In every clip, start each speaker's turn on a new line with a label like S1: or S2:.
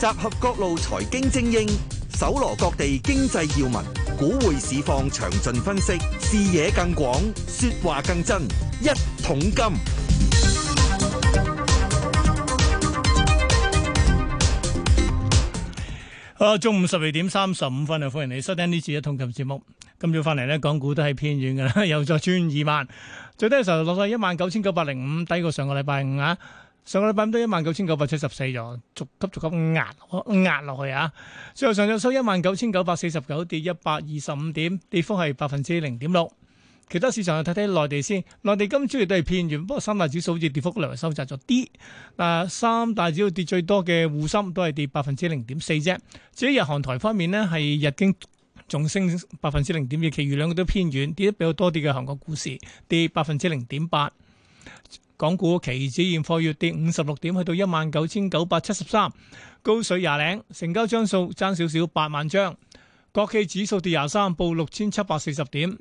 S1: 集合各路財經精英，搜羅各地經濟要聞，股匯市況詳盡分析，視
S2: 野更廣，說話更真，一桶金。好，中午十二點三十五分啊，歡迎你收聽呢次一桶金節目。今朝翻嚟咧，港股都係偏軟嘅啦，又再穿二萬，最低嘅時候落咗一萬九千九百零五，低過上個禮拜五啊。上個禮拜都一萬九千九百七十四咗，逐級逐級壓壓落去啊！最後上日收一萬九千九百四十九，跌一百二十五點，跌幅係百分之零點六。其他市場去睇睇內地先，內地今朝亦都係偏軟，不過三大指數好似跌幅略為收窄咗啲。嗱，三大指數跌最多嘅滬深都係跌百分之零點四啫。至於日韓台方面呢，係日經仲升百分之零點二，其餘兩個都偏軟，跌得比較多啲嘅韓國股市跌百分之零點八。港股期指現貨月跌五十六點，去到一萬九千九百七十三，高水廿零，成交張數爭少少八萬張。國企指數跌廿三，報六千七百四十點。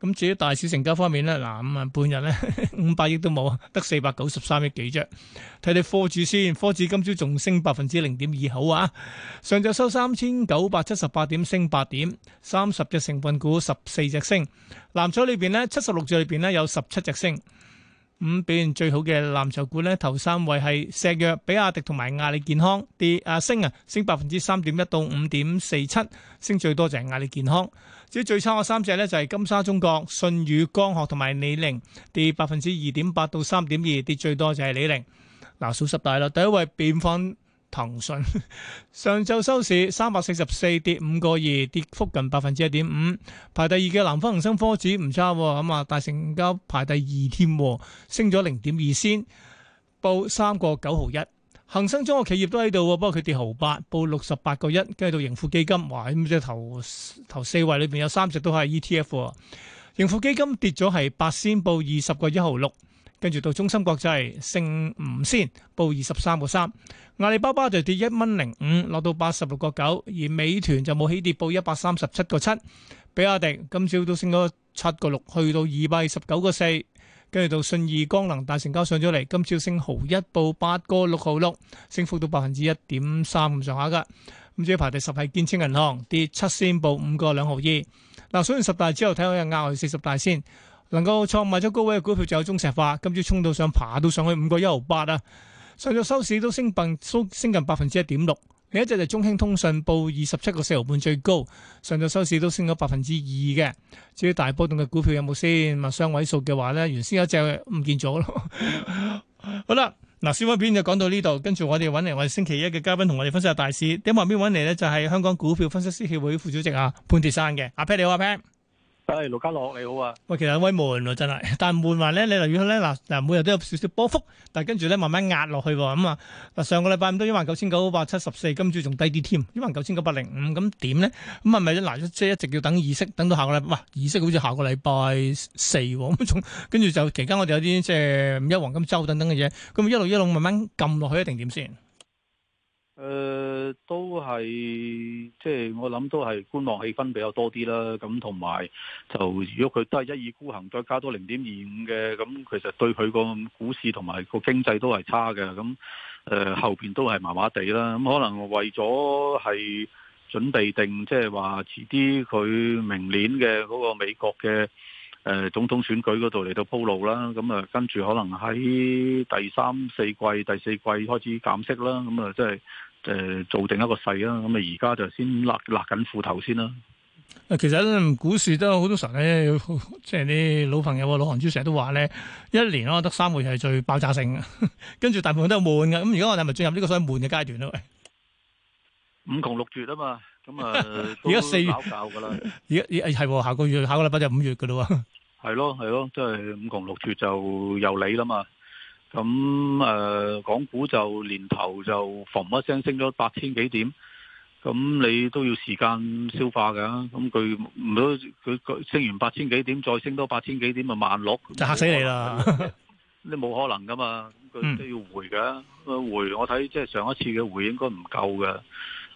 S2: 咁至於大市成交方面咧，嗱咁啊，半日咧五百億都冇，得四百九十三億幾啫。睇睇科指先，科指今朝仲升百分之零點二，好啊。上晝收三千九百七十八點，升八點，三十隻成分股十四隻升，藍彩裏邊咧七十六隻裏邊咧有十七隻升。五表現最好嘅藍籌股咧，頭三位係石藥、比亞迪同埋阿里健康，跌啊升啊，升百分之三點一到五點四七，升最多就係阿里健康。至於最差嘅三隻咧，就係金沙中國、舜宇光學同埋李寧，跌百分之二點八到三點二，跌最多就係李寧。嗱，數十大啦，第一位變翻。騰訊騰 上晝收市三百四十四跌五個二，跌幅近百分之一點五，排第二嘅南方恒生科指唔差咁、哦、啊，大成交排第二添，升咗零點二先報三個九毫一。恒生中國企業都喺度，不過佢跌毫八報六十八個一，跟住到盈富基金，哇咁即係頭頭四位裏邊有三隻都係 E T F 啊。盈富基金跌咗係八先報二十個一毫六，跟住到中芯國際升五先報二十三個三。阿里巴巴就跌一蚊零五，落到八十六個九；而美團就冇起跌，報一百三十七個七。比亞迪今朝都升咗七個六，去到二百二十九個四。跟住到信義光能大成交上咗嚟，今朝升毫一，報八個六毫六，升幅到百分之一點三咁上下噶。咁至於排第十係建設銀行，跌七仙，報五個兩毫二。嗱，所以十大之後睇下額外四十大先，能夠創埋咗高位嘅股票就有中石化，今朝衝到上爬到上去五個一毫八啊！上晝收市都升近百分之一點六，另一隻就中興通訊報二十七個四毫半最高，上晝收市都升咗百分之二嘅。至於大波動嘅股票有冇先？咪雙位數嘅話咧，原先有一隻唔見咗咯。 好啦，嗱，小花片就講到呢度，跟住我哋揾嚟我哋星期一嘅嘉賓同我哋分析下大市。點話邊揾嚟呢？就係香港股票分析師協會副主席啊潘鐵珊嘅阿 Pat 你好阿 Pat。係，盧家樂你好啊！喂，其實有啲悶喎，真係。但係悶話咧，你留意咧嗱，嗱，每日都有少少波幅，但係跟住咧慢慢壓落去喎，咁啊嗱，上個禮拜咁都一萬九千九百七十四，今朝仲低啲添，一萬九千九百零五，咁點咧？咁係咪咧？嗱、嗯，即係一直要等議息，等到下個禮拜，議息好似下個禮拜四，咁、嗯、仲跟住就期間我哋有啲即係五一黃金周等等嘅嘢，咁、嗯、一路一路慢慢撳落去，一定點先？
S1: 誒、呃、都係，即係我諗都係觀望氣氛比較多啲啦。咁同埋，就如果佢都係一意孤行，再加多零點二五嘅，咁、嗯、其實對佢個股市同埋個經濟都係差嘅。咁、嗯、誒、呃、後邊都係麻麻地啦。咁、嗯、可能為咗係準備定，即係話遲啲佢明年嘅嗰個美國嘅誒、呃、總統選舉嗰度嚟到鋪路啦。咁、嗯、啊，跟住可能喺第三、四季、第四季開始減息啦。咁、嗯、啊，即係。誒、呃，做定一個勢啦，咁啊而家就先勒勒緊褲頭先啦。
S2: 啊，其實股市都有好多時候咧，即係啲老朋友老行尊成日都話咧，一年咯得三個月係最爆炸性， 跟住大部分都係悶嘅。咁如果我哋係咪進入呢個所謂悶嘅階段咧？
S1: 五窮六絕啊嘛，咁啊，而 家四
S2: 月考嘅啦，而家係下個月下個禮拜就月、 哦、五月嘅啦喎。
S1: 係咯係咯，即係五窮六絕就由你啦嘛。咁誒、呃，港股就年頭就逢一聲升咗八千幾點，咁你都要時間消化嘅。咁佢唔到佢佢升完八千幾點，再升多八千幾點咪萬六，就吓死你啦！你冇可能噶 嘛，佢都要回嘅，嗯、回我睇即係上一次嘅回應該唔夠嘅，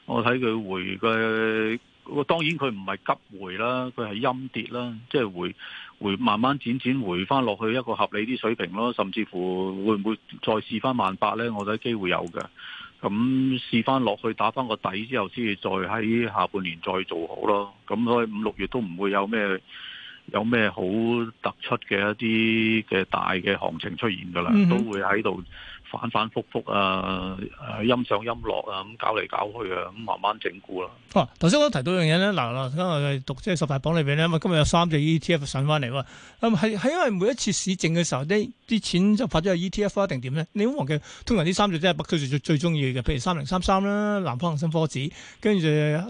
S1: 我睇佢回嘅。我當然佢唔係急回啦，佢係陰跌啦，即係回回，回回慢慢漸漸回翻落去一個合理啲水平咯，甚至乎會唔會再試翻萬八呢？我覺得機會有嘅，咁試翻落去打翻個底之後，先至再喺下半年再做好咯。咁、嗯、所以五六月都唔會有咩有咩好突出嘅一啲嘅大嘅行情出現㗎啦，都會喺度。反反覆覆啊，音上音落啊，咁搞嚟搞去啊，咁慢慢整固啦。
S2: 哦，頭先我提到樣嘢咧，嗱，今日讀即係十大榜裏邊咧，因為今日有三隻 E T F 上翻嚟喎。咁係係因為每一次市整嘅時候，啲啲錢就發咗去 E T F，一定點咧？你唔忘記，通常啲三隻都係北區最最中意嘅，譬如三零三三啦，南方恒生科指，跟住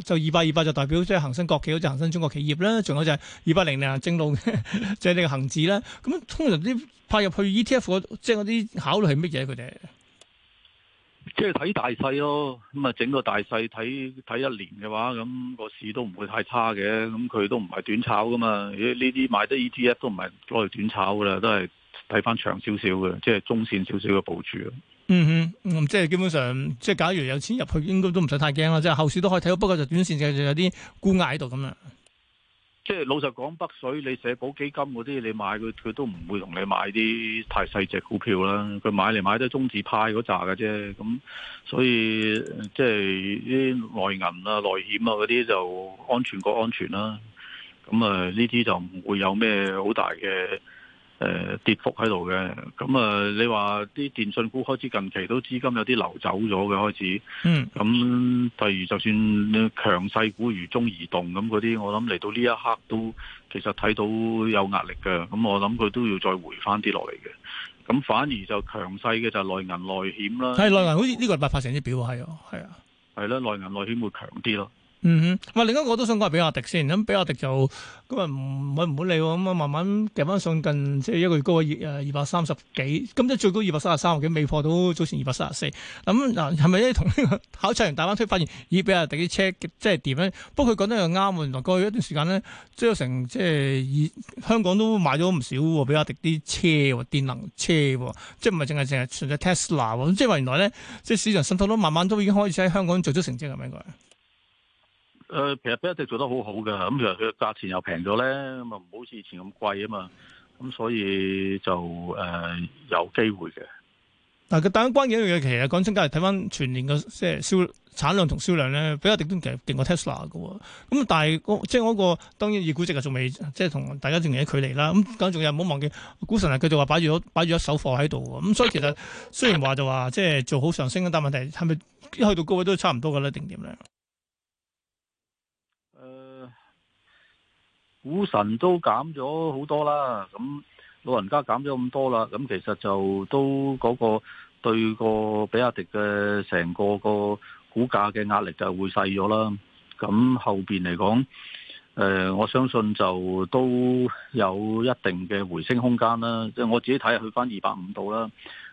S2: 就二八二八就代表即係恒生國企，或者恒生中國企業啦。仲有就係二八零零正路，嘅， 即係你嘅恒指啦。咁通常啲派入去 E T F，即係嗰啲考慮係乜嘢佢哋？
S1: 即係睇大細咯，咁啊整個大細睇睇一年嘅話，咁個市都唔會太差嘅。咁佢都唔係短炒噶嘛，呢啲買得 E T F 都唔係攞嚟短炒噶啦，都係睇翻長少少嘅，即係中線少少嘅部署。
S2: 嗯哼，嗯即係基本上，即係假如有錢入去，應該都唔使太驚啦。即係後市都可以睇到，不過就短線就有啲沽壓喺度咁啦。
S1: 即係老實講，北水你社保基金嗰啲，你買佢佢都唔會同你買啲太細隻股票啦。佢買嚟買都係中字派嗰扎嘅啫。咁所以即係啲內銀啊、內險啊嗰啲就安全過安全啦。咁啊，呢啲就唔會有咩好大嘅。誒、呃，跌幅喺度嘅，咁、嗯、啊，你話啲電信股開始近期都資金有啲流走咗嘅開始，嗯，咁第二就算強勢股如中移動咁嗰啲，那那我諗嚟到呢一刻都其實睇到有壓力嘅，咁我諗佢都要再回翻啲落嚟嘅，咁反而就強勢嘅就係內銀內險啦，係內
S2: 銀好似呢個係八八成啲表係，係
S1: 啊，係啦，內銀內險會強啲咯。
S2: 嗯哼，唔係，另一個我都想講係比亞迪先。咁比亞迪就咁啊，唔會唔會理喎。咁啊，慢慢夾翻上近即係一個月高啊，二百三十幾，咁即係最高二百三十三個幾，未破到早前二百三十四。咁嗱係咪咧？同呢個考察完大灣區發現依比亞迪啲車即係點咧？不過佢講得又啱喎。原來過去一段時間咧，即係成即係香港都買咗唔少比亞迪啲車喎，電能車喎，即係唔係淨係淨係全隻 Tesla 喎？即係話原來咧，即係市場滲透都慢慢都已經開始喺香港做出成績嘅，應該。
S1: 誒，其實、呃、比亞迪做得好好嘅，咁其實佢嘅價錢又平咗咧，咁啊唔好似以前咁貴啊嘛，咁所以就誒、呃、有機會嘅。
S2: 嗱，個大家關鍵一樣嘢，其實講真，梗係睇翻全年嘅即係銷產量同銷量咧，比亞迪定過 Tesla 嘅，咁但係即係嗰個當然二估值啊，仲未即係同大家仲有啲距離啦。咁咁仲有唔好忘記，股神佢就話擺住擺住一手貨喺度，咁所以其實雖然話就話即係做好上升，但係問題係咪一去到高位都差唔多噶咧，定點咧？
S1: 股神都減咗好多啦，咁老人家減咗咁多啦，咁其實就都嗰個對個比亞迪嘅成個個股價嘅壓力就會細咗啦。咁後邊嚟講，誒、呃、我相信就都有一定嘅回升空間啦。即係我自己睇下，去翻二百五度啦。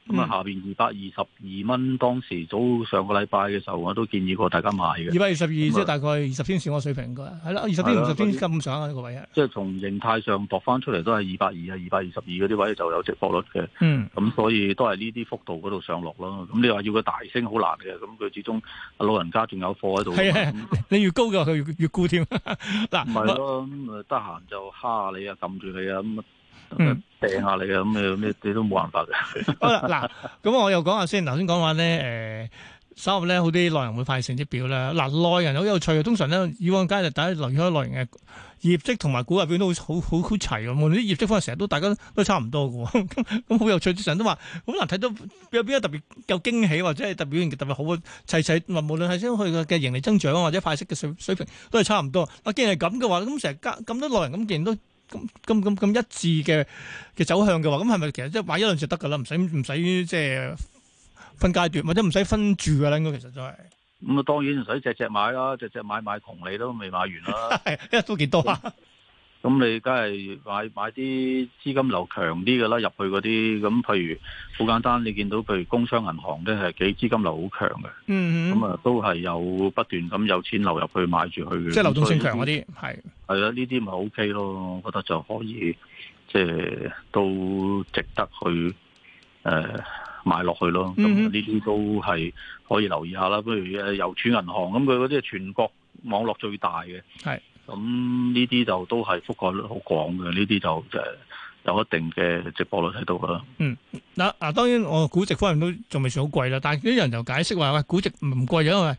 S1: 咁啊，下邊二百二十二蚊，當時早上個禮拜嘅時候，我都建議過大家買嘅。二百二十二，即係大
S2: 概二十天線個水平，係啦，二十天、二十天咁上啊，呢個位
S1: 啊。即係從形態上搏翻出嚟都係二百二啊，二百二十二嗰啲位就有折伏率嘅。嗯。咁所以都係呢啲幅度嗰度上落咯。咁你話要佢大升好難嘅，咁佢始終老人家仲有貨喺度。
S2: 你越高嘅佢越沽添。嗱，唔係咯，
S1: 咁啊得閒就蝦你啊，撳住你啊，咁啊。嗯，下
S2: 嚟嘅咁又咩？你都冇辦法嘅。嗱，咁我又講下先。頭先講話咧，誒，收入咧，好啲內容會派成績表咧。嗱，內人好有趣嘅，通常咧，以往皆係大家留意開內人嘅業績同埋股價表都好好好齊嘅。無論啲業績方面成日都大家都差唔多嘅，咁好有趣。啲人都話好難睇到有邊個特別有驚喜或者係特別表現特別好嘅。齊齊話無論係先佢嘅嘅盈利增長或者派息嘅水水平都係差唔多。既然係咁嘅話，咁成日加咁多內人咁，竟然都。咁咁咁咁一致嘅嘅走向嘅話，咁係咪其實即係買一輪就得噶啦？唔使唔使即係分階段，或者唔使分住噶啦？應該其實就係
S1: 咁啊！當然，唔使隻隻買啦，只隻買買窮你都未買完啦， 都幾多。 咁你梗係買買啲資金流強啲嘅啦，入去嗰啲咁，譬如好簡單，你見到譬如工商銀行咧係幾資金流好強嘅，咁啊、嗯、哼都係有不斷咁有錢流入去買住去，即係流動性強啲，係係啊呢啲咪 O K 咯，我覺得就可以即係都值得去誒、呃、買落去咯。咁啊呢啲都係可以留意下啦，不如誒郵儲銀行咁佢嗰啲全國網絡最大嘅，係的。咁呢啲就都係覆蓋率好廣嘅，呢啲就誒有一定嘅直播率睇到噶啦。嗯，
S2: 嗱嗱，當然我估值方面都仲未算好貴啦，但係啲人就解釋話喂，估值唔貴咗，因為。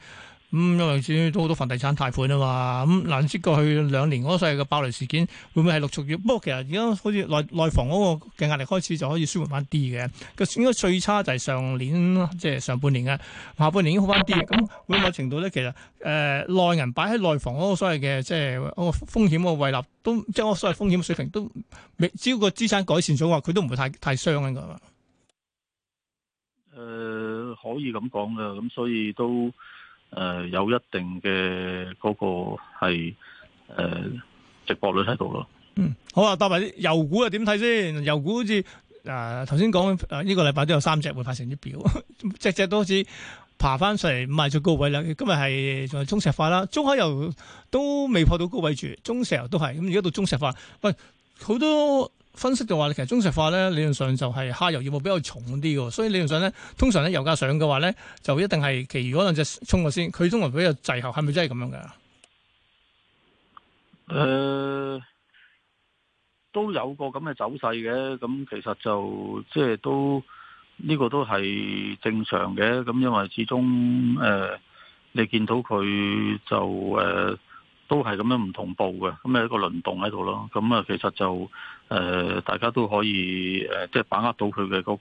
S2: 咁、嗯、因為至於都好多房地產貸款啊嘛，咁難知過去兩年嗰啲所謂嘅爆雷事件，會唔會係陸續？不過其實而家好似內內房嗰個嘅壓力開始就可以舒緩翻啲嘅。應該最差就係上年即係、就是、上半年嘅，下半年已經好翻啲。咁、嗯、會唔會某程度咧？其實誒、呃、內銀擺喺內房嗰個所謂嘅即係嗰個風險嘅位立，都即係嗰個所謂風險水平都只要嗰資產改善咗嘅話，佢都唔會太太傷嘅咁嘛。
S1: 誒、呃，可以咁講嘅，咁所以都。誒、呃，有一定嘅嗰個係誒、呃、直播率喺度咯。嗯，
S2: 好啊，搭埋啲油股又，點睇先？油股好似誒頭先講誒，呢、呃呃這個禮拜都有三隻會拍成啲表，隻 隻都好似爬翻上嚟唔係最高位啦。今日係仲有中石化啦，中海油都未破到高位住，中石油都係。咁而家到中石化，喂，好多。分析嘅話，其實中石化咧理論上就係下游業務比較重啲嘅，所以理論上咧，通常咧，油價上嘅話咧，就一定係其餘嗰兩隻衝過先，佢通常比較滯後，係咪真係咁樣嘅？誒、呃，
S1: 都有個咁嘅走勢嘅，咁其實就即係都呢、這個都係正常嘅，咁因為始終誒、呃、你見到佢就誒。呃都係咁樣唔同步嘅，咁有一個輪動喺度咯。咁啊，其實就誒、呃，大家都可以誒，即、呃、係把握到佢嘅嗰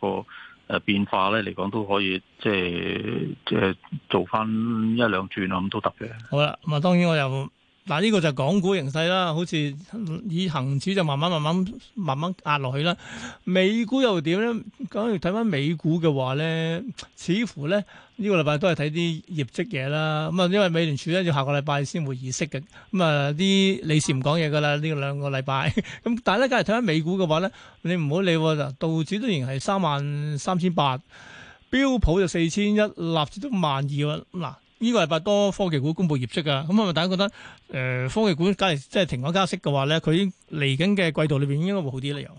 S1: 個誒變化咧嚟講，都可以即係即係做翻一兩轉啊，咁都得嘅。好
S2: 啦，咁啊，當然我有。嗱呢個就港股形勢啦，好似以恒指就慢慢慢慢慢慢壓落去啦。美股又點咧？咁要睇翻美股嘅話咧，似乎咧呢、呢個禮拜都係睇啲業績嘢啦。咁啊，因為美聯儲咧要下個禮拜先會議息嘅。咁、嗯、啊，啲理事唔講嘢噶啦呢兩個禮拜。咁 但係咧，假如睇翻美股嘅話咧，你唔好理，道指都仍然係三萬三千八，標普就四千一，納指都萬二啊。嗱。呢個係八多科技股公布業績噶、啊，咁係咪大家覺得誒、呃、科技股加，即係停咗加息嘅話咧，佢嚟緊嘅季度裏邊應該會好啲咧？又
S1: 誒、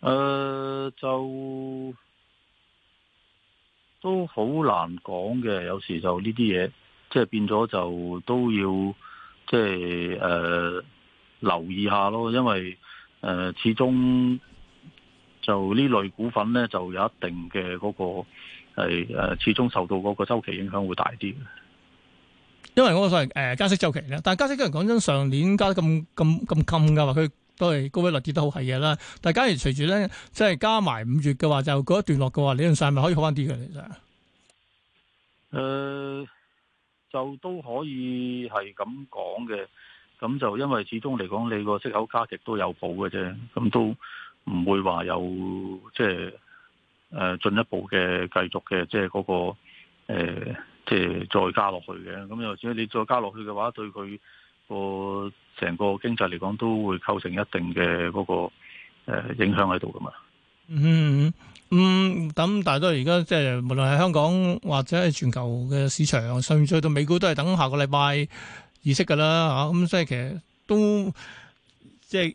S1: 呃、就都好難講嘅，有時就呢啲嘢，即係變咗就都要即係誒、呃、留意下咯，因為誒、呃、始終就呢類股份咧就有一定嘅嗰、那個。係誒，始終受到嗰個周期影響會大啲嘅，
S2: 因為我講係誒加息周期咧。但係加息，其實講真，上年加得咁咁咁近噶話，佢都係高位率跌得好係嘢啦。但係假如隨住咧，即係加埋五月嘅話，就嗰一段落嘅話，理論上係咪可以好翻啲嘅？其實誒，
S1: 就都可以係咁講嘅。咁就因為始終嚟講，你個息口加極都有補嘅啫，咁都唔會話有即係。誒，進一步嘅繼續嘅，即係嗰個、那個、呃、即係再加落去嘅。咁又至於你再加落去嘅話，對佢個成個經濟嚟講，都會構成一定嘅嗰個、那個、呃、影響喺度㗎嘛。嗯
S2: 嗯，咁但係都係而家即係無論係香港或者係全球嘅市場，甚至去到美股，都係等下個禮拜議息㗎啦吓。咁所以其實都即係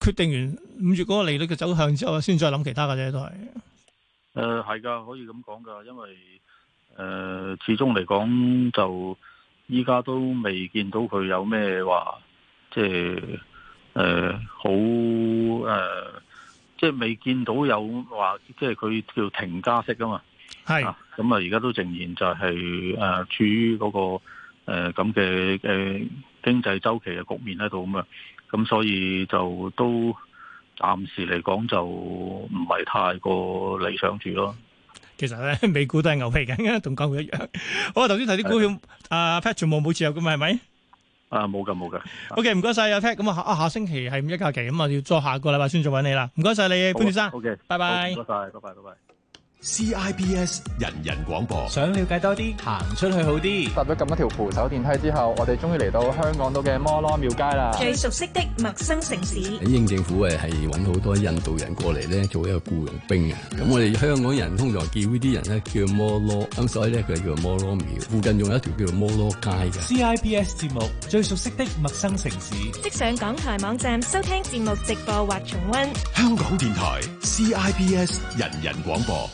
S2: 決定完五月嗰個利率嘅走向之後，先再諗其他嘅啫，都係。
S1: 誒，係噶、呃，可以咁講噶，因為誒、呃，始終嚟講就依家都未見到佢有咩話，即係誒、呃、好誒、呃，即係未見到有話，即係佢叫停加息啊嘛。係是，咁啊，而家都仍然就係、是、誒、呃、處於嗰、那個誒咁嘅嘅經濟周期嘅局面喺度咁嘛。咁所以就都。暫時嚟講就唔係太過理想住咯。
S2: 其實咧，美股都係牛皮緊嘅，同港股一樣。好，我頭先睇啲股票，阿 Pat 全部冇持有嘅，係咪？
S1: 啊，冇噶，冇
S2: 噶。O K，唔該晒，阿 Pat。咁啊，下下星期係五一假期，咁啊要再下個禮拜先再搵你啦。唔該晒你，潘先生。O K，拜拜。唔該晒，
S1: 拜拜，拜拜。
S2: CIBS 人人廣播，想了解多啲，行出去好啲。搭咗咁多條扶手電梯之後，我哋終於嚟到香港島嘅摩羅廟街啦。最
S1: 熟悉的陌生城市，英政府誒係搵好多印度人過嚟咧做一個僱傭兵嘅。咁我哋香港人通常叫呢啲人咧叫摩羅，咁所以咧佢叫摩羅廟。附近仲有一條叫做摩羅
S2: 街嘅。CIBS 節目最熟悉的陌生城市，即上港台網站收聽節目直播或重溫。香港電台 CIBS 人人廣播。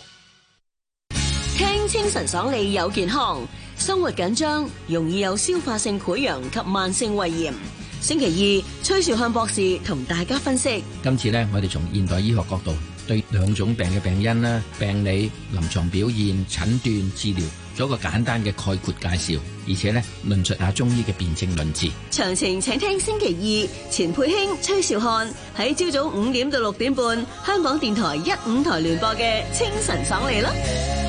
S2: 聽清晨爽利有健康，生活緊張容易有消化性潰瘍及慢性胃炎。星期二，崔兆漢博士同大家分析。
S1: 今次呢，我哋從現代醫學角度對兩種病嘅病因啦、病理、臨床表現、診斷、治療做一個簡單嘅概括介紹，而且呢，論述下中醫嘅辨證論治。
S2: 詳情請聽星期二，錢佩興、崔兆漢喺朝早五點到六點半，香港電台一五台聯播嘅清晨爽利囉。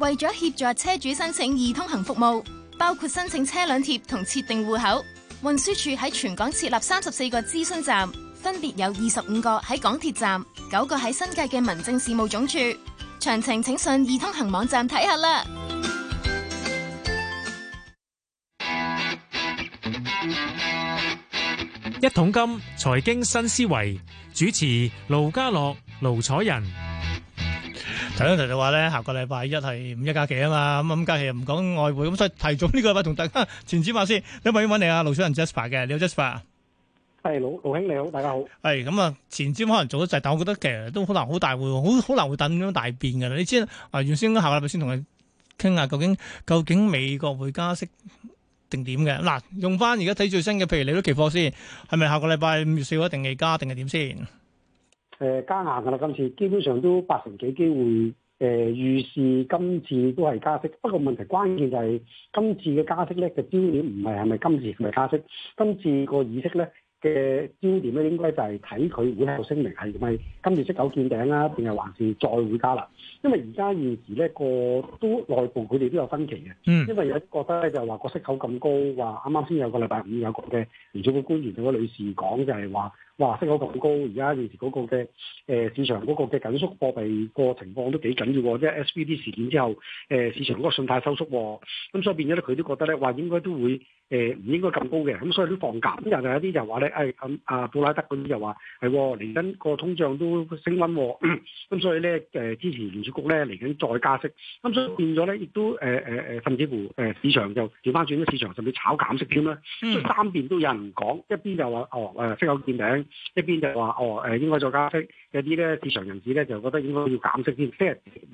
S2: 為咗協助車主申請易通行服務，包括申請車輛貼同設定戶口，運輸署喺全港設立三十四個諮詢站，分別有二十五個喺港鐵站，九個喺新界嘅民政事務總署。詳情請上易通行網站睇下啦。一桶金財經新思維主持盧家樂、盧彩仁。頭先提到話咧，下個禮拜一係五一假期啊嘛，咁咁假期又唔講外匯，咁所以提早呢個禮拜同大家前瞻下先。你咪要，要搵你啊，盧楚仁 Jasper 嘅，你好 Jasper 啊，係老老兄你好，大家好。係咁啊，前瞻可能做咗滯，但我覺得其實都好難好大會，好好難會等咁樣大變噶啦。你知啊，原先，嗰個下禮拜先同佢傾下，究竟究竟美國會加息定點嘅？嗱、啊，用翻，而家睇最新嘅，譬如利率期貨先，係咪下個禮拜五月四號一定係加定係點先？
S3: 誒、呃、加硬㗎啦，今次基本上都八成幾機會，誒、呃、預示今次都係加息。不過問題關鍵就係今次嘅加息咧嘅焦點唔係係咪今次係咪加息，今次個意識咧嘅焦點咧應該就係睇佢會喺度聲明係咪今次即九見頂啊，定係還是再會加啦。因為而家現時咧個都內部佢哋都有分歧嘅， 因為有覺得咧就話個息口咁高，話啱啱先有個禮拜五有個嘅聯儲會官員同個女士講就係話，哇，息口咁高，而家現時嗰個嘅誒、呃、市場嗰個嘅緊縮貨幣個情況都幾緊要喎，即係 S V D 即 事件之後，誒、呃、市場嗰個信貸收縮，咁所以變咗咧佢都覺得咧話應該都會。誒唔、呃、應該咁高嘅，咁、嗯、所以啲房價咁又有啲就話咧，誒咁阿布拉德嗰啲就話係嚟緊個通脹都升溫、哦，咁、嗯、所以咧誒支持聯儲局咧嚟緊再加息，咁、嗯、所以變咗咧亦都誒誒誒甚至乎誒、呃、市場就調返轉，市場甚至炒減息添啦，即係三邊都有人講，一邊就話哦誒、啊、息口見頂，一邊就話哦誒、啊、應該再加息，有啲咧市場人士咧就覺得應該要減息添，即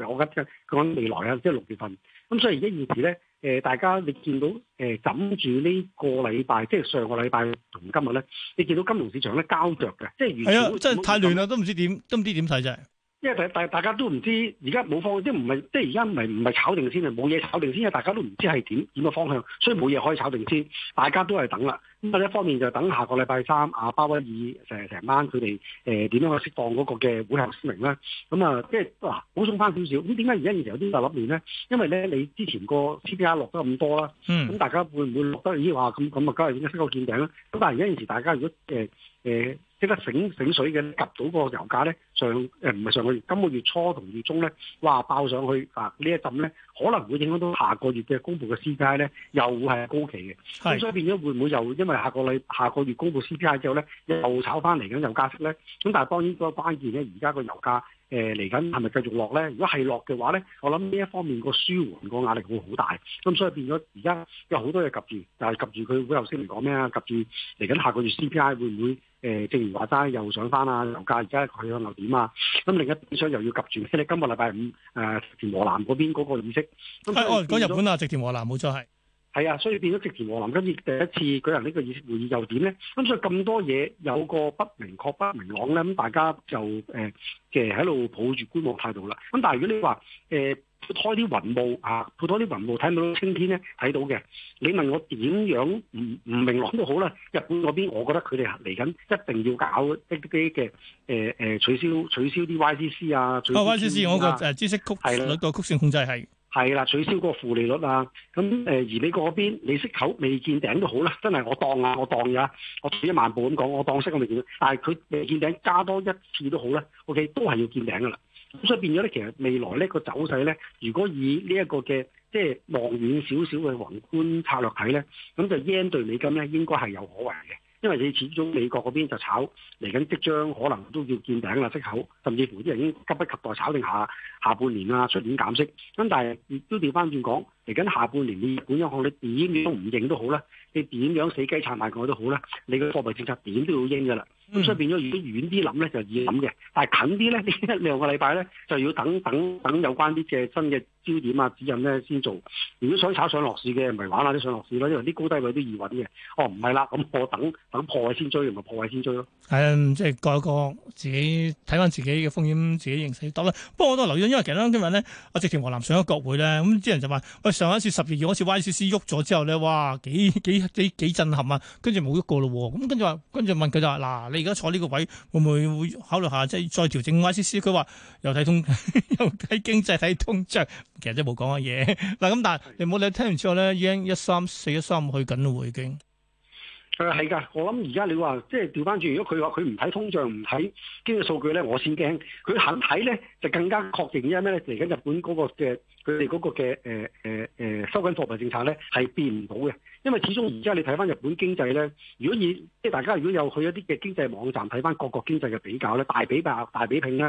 S3: 係我而家講未來啊，即係六月份，咁所以而家現時咧。誒、呃，大家你見到誒，枕住呢個禮拜，即係上個禮拜同今日咧，你見到金融市場咧膠着嘅，即係如果係啊，
S2: 真係太亂啦，都唔知點，都唔知點睇啫。即係大，
S3: 大家都唔知，而家冇方，即係唔係，即係而家唔係唔係炒定先，冇嘢炒定先，因大家都唔知係點點個方向，所以冇嘢可以炒定先，大家都係等啦。咁啊，一方面就等下個禮拜三阿鮑威爾成日成晚佢哋誒點樣去釋放嗰個嘅會客聲明咧。咁啊，即係嗱補充翻少少。咁點解而家現時有啲大粒面咧？因為咧你之前個 CPI 落得咁多啦，咁大家會唔會落得咦話咁咁啊？梗係已經升到見頂啦。咁但係而家現時大家如果誒誒。呃呃即刻醒醒水嘅，及到個油價咧上，誒唔係上個月，今個月初同月中咧，哇爆上去啊！呢一陣咧，可能會影響到下個月嘅公布嘅 CPI 咧，又會係高企嘅。咁的所以變咗會唔會又因為下個禮下個月公布 CPI 之後咧，又炒翻嚟咁又加息咧？咁但係當然個關鍵咧，而家個油價。誒嚟緊係咪繼續落咧？如果係落嘅話咧，我諗呢一方面個舒緩個壓力會好大。咁所以變咗而家有好多嘢及住，但係及住佢會有先嚟講咩啊？及住嚟緊下個月 CPI 會唔會誒、呃？正如話齋又上翻啊？樓價而家佢又點啊？咁另一點想又要及住咩咧？即係、今日禮拜五誒，植、呃、田和男嗰邊嗰個意識。誒，講日本
S2: 啊，植田和男冇錯係。
S3: 係啊，所以變咗直情和藍，今次第一次舉行呢個議會議又點咧？咁所以咁多嘢有個不明確、不明朗咧，咁大家就誒嘅喺度抱住觀望態度啦。咁但係如果你話誒撥開啲雲霧啊，撥開啲雲霧睇唔、啊啊、到青天咧，睇到嘅。你問我點樣唔唔明朗都好啦。日本嗰邊，我覺得佢哋嚟緊一定要搞一啲嘅誒誒取消取消啲 YCC 啊，取消啲 YCC、啊。啊、CC，我個
S2: 知識曲率度、啊、曲線控制係。
S3: 係啦，取消嗰個負利率啦，啊，咁誒而你嗰邊利息口未見頂都好啦，真係我當啊，我當呀、啊，我退一萬步咁講，我當息我未見頂，但係佢未見頂加多一次好、okay? 都好咧，OK 都係要見頂噶啦，咁所以變咗咧，其實未來呢個走勢咧，如果以呢一個嘅即係望遠少少嘅宏觀策略睇咧，咁就 yen 對美金咧應該係有可為嘅。因為你始終美國嗰邊就炒嚟緊，即將可能都要見頂啦，息口，甚至乎啲人已經急不及待炒定下下半年啊，出年減息。咁但係都調翻轉講嚟緊下，下半年，日本央行你點都唔認都好啦，你點樣死雞撐埋佢都好啦，你個貨幣政策點都要認噶啦。咁、嗯、所以變咗，如果遠啲諗咧，就係要諗嘅；但係近啲咧，呢一兩個禮拜咧，就要等等等有關啲嘅新嘅。焦點啊指引咧先做，如果想炒上落市嘅，咪玩下啲上落市咯，因為啲高低位都易揾嘅。哦，唔係啦，咁我等等破位先追，唔係破位先追咯。
S2: 係啊，即係各有各自己睇翻自己嘅風險，自己認識得啦。不過我都留意，因為其實今日咧，阿植田和男上咗國會咧，咁啲人就問：喂，上一次十二月嗰次 YCC 喐咗之後咧，哇，幾幾幾幾震撼啊！跟住冇喐過咯喎，咁跟住話，跟住問佢就話：嗱，你而家坐呢個位，會唔會會考慮下即係再調整 YCC？佢話又睇通，又睇經濟，睇通脹。其實都冇講乜嘢，嗱 咁但係是你冇理，聽完之後咧，已經一三四一三五去緊會已經。
S3: 誒係㗎，我諗而家你話即係調翻轉，如果佢話佢唔睇通脹，唔睇經濟數據咧，我先驚。佢肯睇咧，就更加確定。因為咩咧？嚟緊日本嗰個嘅佢哋嗰個嘅誒誒誒收緊貨幣政策咧，係變唔到嘅。因為始終而家你睇翻日本經濟咧，如果以即係大家如果有去一啲嘅經濟網站睇翻各國經濟嘅比較咧，大比、大比拼咧，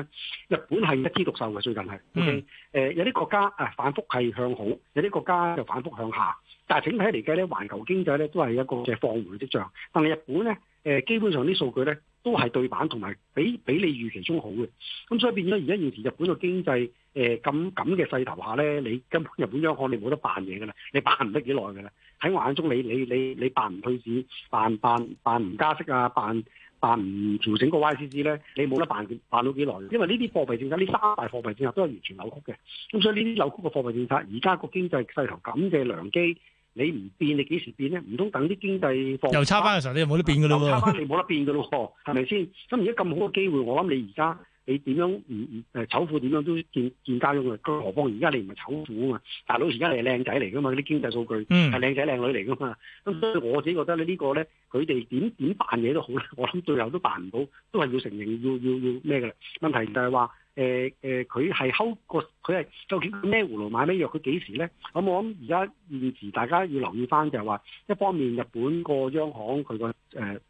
S3: 日本係一枝獨秀嘅。最近係，誒、嗯呃、有啲國家啊反覆係向好，有啲國家就反覆向下。但係整體嚟計咧，環球經濟咧都係一個嘅放緩跡象。但係日本咧，誒基本上啲數據咧都係對版同埋比比你預期中好嘅。咁所以變咗而家現時日本個經濟誒咁咁嘅勢頭下咧，你根本日本央行你冇得扮嘢㗎啦，你扮唔得幾耐㗎啦。喺我眼中你，你你你你扮唔退市、扮扮扮唔加息啊、扮扮唔調整個 YCC 咧，你冇得扮扮到幾耐。因為呢啲貨幣政策、呢三大貨幣政策都係完全扭曲嘅。咁所以呢啲扭曲嘅貨幣政策，而家個經濟勢頭咁嘅良機。你唔變，你幾時變咧？唔通等啲經濟又差翻嘅時候，你又冇得變嘅咯喎！差翻，你冇得變嘅咯喎，係咪先？咁而家咁好嘅機會，我諗你而家你點樣唔唔誒醜婦點樣都見見家用嘅？何況而家你唔係醜婦啊嘛！大佬而家你係靚仔嚟噶嘛？啲經濟數據係靚仔、嗯、靚女嚟噶嘛？咁所以我自己覺得咧，呢個咧佢哋點點辦嘢都好咧，我諗最後都辦唔到，都係要承認要要要咩嘅啦。問題就係話。誒誒，佢係睺個，佢、呃、係究竟咩葫蘆買咩藥？佢幾時咧？咁、嗯、我諗而家現時大家要留意翻，就係話一方面日本個央行佢個誒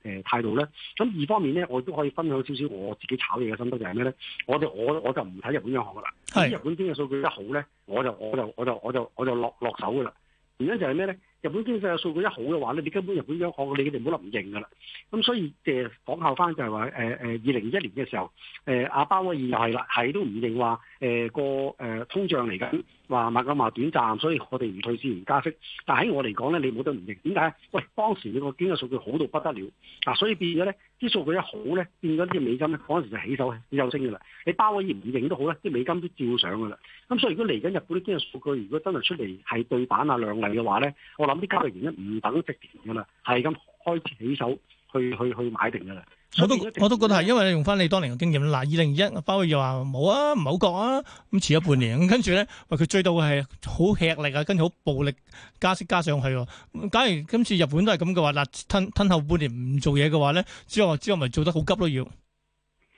S3: 誒態度咧，咁二方面咧，我都可以分享少少我自己炒嘢嘅心得，就係咩咧？我就我我就唔睇日本央行噶啦，啲日本經濟數據一好咧，我就我就我就我就我就落落手噶啦，原因就係咩咧？日本經濟嘅數據一好嘅話咧，你根本日本央行你哋冇得唔認噶啦。咁所以誒講效翻就係話誒誒二零二一年嘅時候，誒、呃、阿鮑威爾就係啦，係都唔認話誒個誒通脹嚟緊。話買緊賣短暫，所以我哋唔退市唔加息。但喺我嚟講咧，你冇得唔認。點解？喂，當時你個經濟數據好到不得了，嗱，所以變咗咧，啲數據一好咧，變咗啲美金咧，嗰陣時就起手起手升噶啦。你鮑威爾唔認都好咧，啲美金都照上噶啦。咁所以如果嚟緊日本啲經濟數據如果真係出嚟係對版啊，亮麗嘅話咧，我諗啲交易原因唔等值嘅啦，係咁開始起手。去去去買定
S2: 噶啦，我都我都覺得係，因為用翻你當年嘅經驗嗱，二零二一包偉又話冇啊，唔好割啊，咁遲咗半年，咁跟住咧，喂，佢追到係好吃力啊，跟住好暴力加息加上去啊。假如今次日本都係咁嘅話，嗱吞吞後半年唔做嘢嘅話咧，之後之後咪做得好急咯要。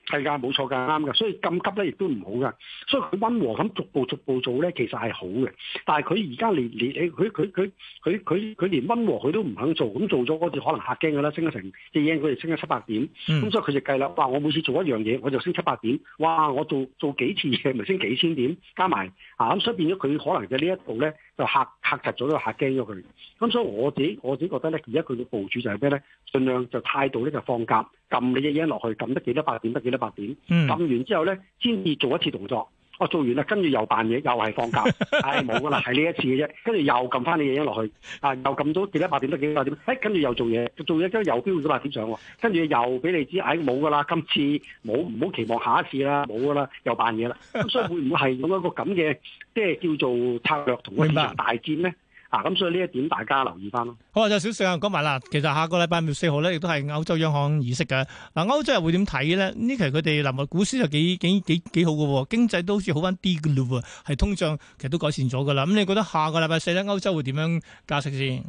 S3: 係㗎，冇錯㗎，啱㗎，所以咁急咧亦都唔好㗎，所以佢溫和咁逐步逐步做咧，其實係好嘅。但係佢而家連連誒，佢佢佢佢佢佢連溫和佢都唔肯做，咁做咗嗰次可能嚇驚㗎啦，升咗成隻嘢，佢哋升咗七百點，咁、嗯、所以佢就計啦，哇！我每次做一樣嘢，我就升七百點，哇！我做做幾次嘢，咪升幾千點，加埋啊咁，所以變咗佢可能就呢一度咧。就嚇嚇窒咗， 都嚇驚咗佢。咁所以我自己我自己覺得咧，而家佢嘅部署就係咩咧？盡量就態度咧就放鴿，撳你一嘢落去，撳得幾多百點得幾多百點。撳完之後咧，先至做一次動作。我做完啦，跟住又扮嘢，又係放假，唉，冇噶啦，係呢一次嘅啫。跟住又撳翻你嘢落去，啊，又撳到幾多百點，得幾多點？誒，跟住又做嘢，做嘢之又飆到百點上喎。跟住又俾你知，唉，冇噶啦，今次冇，唔好期望下一次啦，冇噶啦，又扮嘢啦。咁所以會唔會係咁一個咁嘅，即係叫做策略同個市場大戰咧？嗱，咁、啊、所以呢一點大家
S2: 留意翻咯。好啊，就小四啊，講埋啦。其實下個禮拜五月四號咧，亦都係歐洲央行議息嘅。嗱，歐洲人會點睇咧？呢期佢哋嗱，股市就幾幾幾幾好嘅喎，經濟都好似好翻啲嘅嘞喎，係通脹其實都改善咗嘅啦。咁你覺得下個禮拜四咧，歐洲會點樣加息先？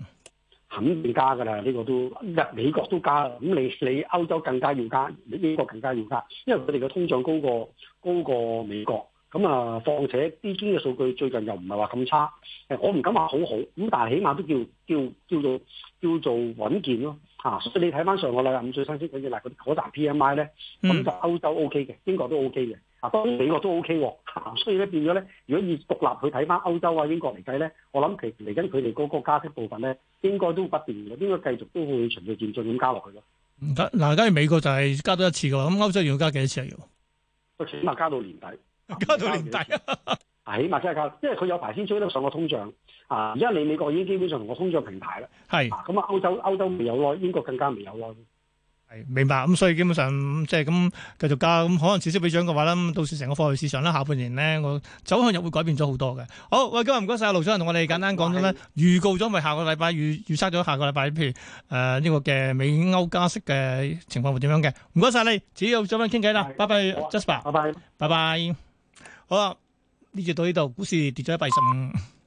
S2: 肯定
S3: 加嘅啦，呢、這個都日美國都加，咁你你歐洲更加要加，英國更加要加，因為佢哋嘅通脹高過高過美國。咁啊，況且 B 級嘅數據最近又唔係話咁差，誒、嗯，我唔敢話好好，咁但係起碼都叫叫叫做叫做穩健咯，嚇。所以你睇翻上個禮拜五最新先嗰啲嗱嗰啲嗰 PMI 咧，咁就歐洲 OK 嘅，英國都 OK 嘅，嚇，當然美國都 OK 喎。所以咧變咗咧，如果以獨立去睇翻歐洲啊英國嚟計咧，我諗其實嚟緊佢哋嗰個加息部分咧，應該都不斷嘅，應該繼續都會循序漸進咁加落去咯。唔
S2: 得，嗱，假如美國就係加多一次嘅話，咁歐洲要加幾多次啊要？
S3: 佢起碼加到年底。加到年底啊！起碼真係加，因為佢有排先追得上個通脹啊。而家你美國已經基本上同個通脹平牌啦。係咁是啊歐，歐洲歐洲未有咯，英國更加未有咯。
S2: 係明白咁，所以基本上即係咁繼續加咁，可能刺激比漲嘅話咧，到時成個貨幣市場咧，下半年咧，我走向又會改變咗好多嘅。好，喂，今日唔該曬，盧主任同我哋簡單講咗咧預告咗，咪下個禮拜預預測咗下個禮拜，譬如誒呢、呃呢個嘅美歐加息嘅情況會點樣嘅？唔該晒你，自己有再揾傾偈啦，拜拜 Jasper< 是>，拜拜，啊、Jessica，拜拜。拜拜拜拜。好啦，呢隻到呢度，股市跌咗一百二十五。